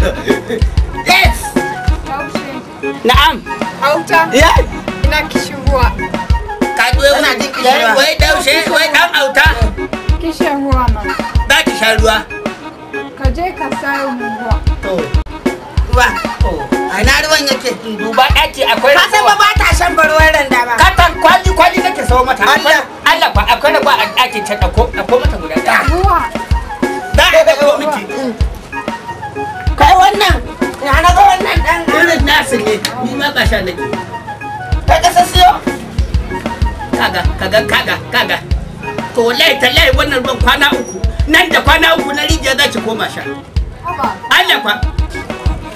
Yes! Na'am. Auta? Yeah. kishuwa. kishirwa. e una kuna jin Wait, Wai daushe, wait, dan auta. Kishuwa na. Da kishuwa. sha ruwa. Ka je ka sayo mu ruwa. To. Ruwa. A ina ruwan yake duba ɗaki akwai ruwa. Ka san ba ba ta shan barwar randa ba. Ka tan kwali kwali kake sayo mata. Allah. Allah ba akwai ruwa a ɗakin can ɗauko ɗauko mata guda ɗaya. Ruwa. wannan ya na ga wannan dan irin nasu ne ni ma ba sha nake ka kasa siyo kaga kaga kaga kaga to wallahi tallahi wannan ban kwana uku nan da kwana uku na rijiya za ki koma sha Allah fa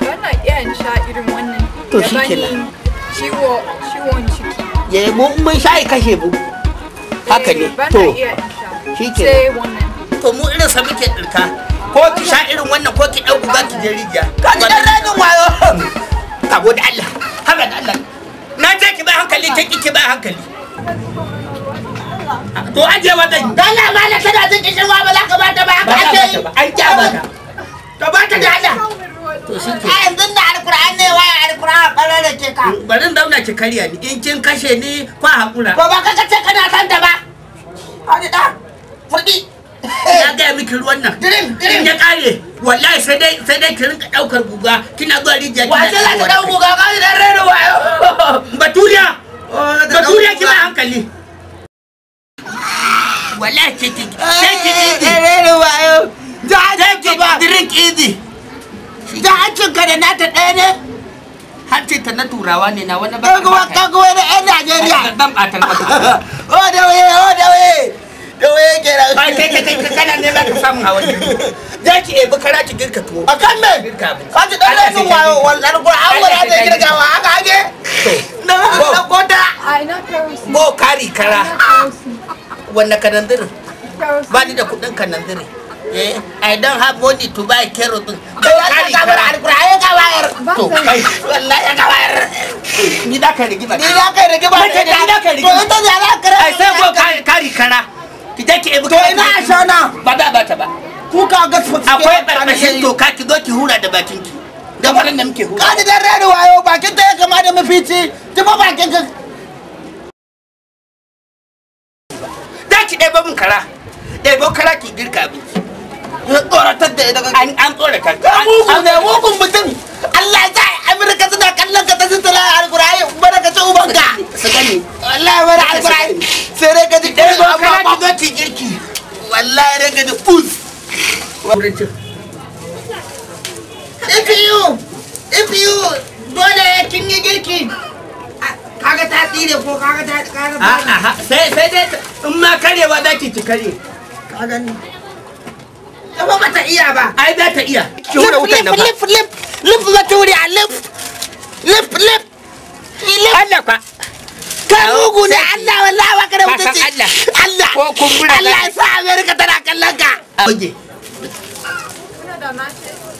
wannan iyan sha irin wannan to shi kenan ciwo ciwon ciki ya mu mun sha kashe bu haka ne to shi kenan to mu irin sa muke dirka je rijiya ka ji dan ragin wayo ka gode Allah da Allah na je ki bai hankali ta ki bai hankali to wata dan kada zan ba za ka bata ba haka ake yi an kya ba to bata da Allah to shi ke a yanzu da alkur'an ne waya alkur'an bare da ke ka bari zauna ki karya ni in kin kashe ni ko hakura ko ba ka kace kana san ta ba hadi da furdi na ga miki ruwan nan dirin dirin ya kare wallahi sai dai sai dai ki rinka daukar guga kina zuwa rijiya kina wace za ta dauka guga ka dan rero wayo baturiya oh, baturiya ki ba hankali wallahi ki ki ki eh, ki eh, eh, rero wayo da ki ba drink idi da hancin ka da nata ɗaya ne hancin ta na turawa ne na wani ba ka ga wani ɗan Najeriya ban ɓatan ba o da waye o oh, da waye Kawai yake da. Ba kai kai kai kana ne ka samu a wajen. Za ki ebi kara ki girka tuwo. A kan me? Ka ji dan nan wa wallan ko an wara da girgawa haka hage. Na na kota. Bo kari kara. Wannan kanandirin. Ba ni da kudin kanandirin. Eh, I don't have money to buy carrot. Kai ka ga bar alƙur'ani ka ce ibu to ina ba da ba ta ba ku ka ga akwai ki zo ki hura da bakin ki da wannan da muke hura ka da rere wayo bakin ta ya kama da mafici ki ba bakin ka da ki ɗebo min kara ɗebo kara ki girka abinci tsoratar da idan an an tsorata mugun mutum Allah ya sa Amurka suna kallon ka ta sitira alƙur'ani gwamnatin ifiyu ifiyu dole kin yi girki kaga ta tsire ko kaga ta kaga a'a sai sai dai in ma karewa zaki ki kare ka gani ba ba ta iya ba ai za ta iya ki hura wutan nan ba a lip lip lip Allah kwa ka ne Allah wallahi wa kare mutunci Allah Allah Allah ya sa America tana kallon ka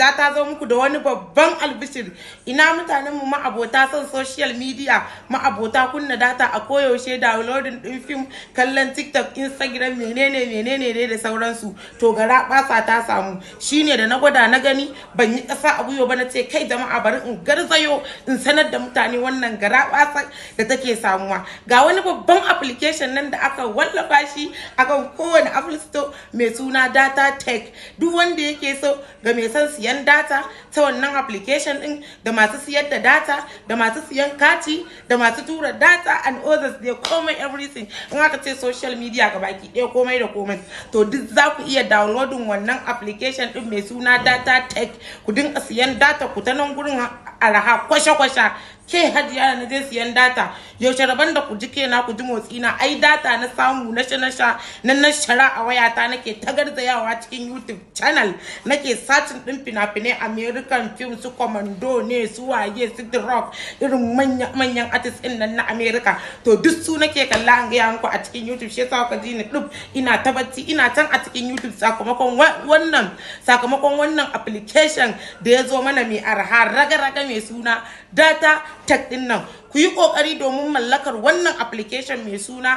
guda ta zo muku da wani babban albishir ina mutanen mu ma'abota son social media ma'abota kunna data a koyaushe downloading din film kallon tiktok instagram menene menene ne da sauransu to gara basa ta samu shine da na gwada na gani ban yi kasa a gwiwa ba na ce kai jama'a bari in garzayo in sanar da mutane wannan gara basa da take samuwa ga wani babban application nan da aka wallafa shi akan kowane apple store mai suna data tech duk wanda yake so ga mai son siya siyan data ta wannan application din da masu siyar da data da masu siyan kati da masu tura data and others dai komai everything in aka ce social media ga baki ɗaya komai da komai to duk za ku iya downloading wannan application din mai suna data tech ku dinga siyan data ku ta nan gurin araha kwasha-kwasha ke hadiya na zai siyan data yaushe rabon da ku ji kena ku ji motsi na ai data na samu na na sha na na shara a wayata nake ta garzayawa cikin YouTube channel nake satin din fina-finai American film su commando ne su waye su the rock irin manyan manyan artist din nan na America to duk su nake kalla an gaya muku a cikin YouTube shi yasa ka ji ni dub ina ta bacci ina can a cikin YouTube sakamakon wannan sakamakon wannan application da ya zo mana mai arha raga-raga mai suna data tech din nan ku yi kokari domin mallakar wannan application mai suna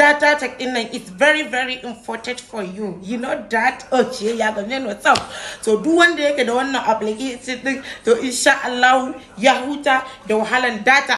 data tech din nan it's very very important for you you know that okay ya game ne tsaf so duk wanda yake da wannan application din to insha Allah ya huta da wahalan data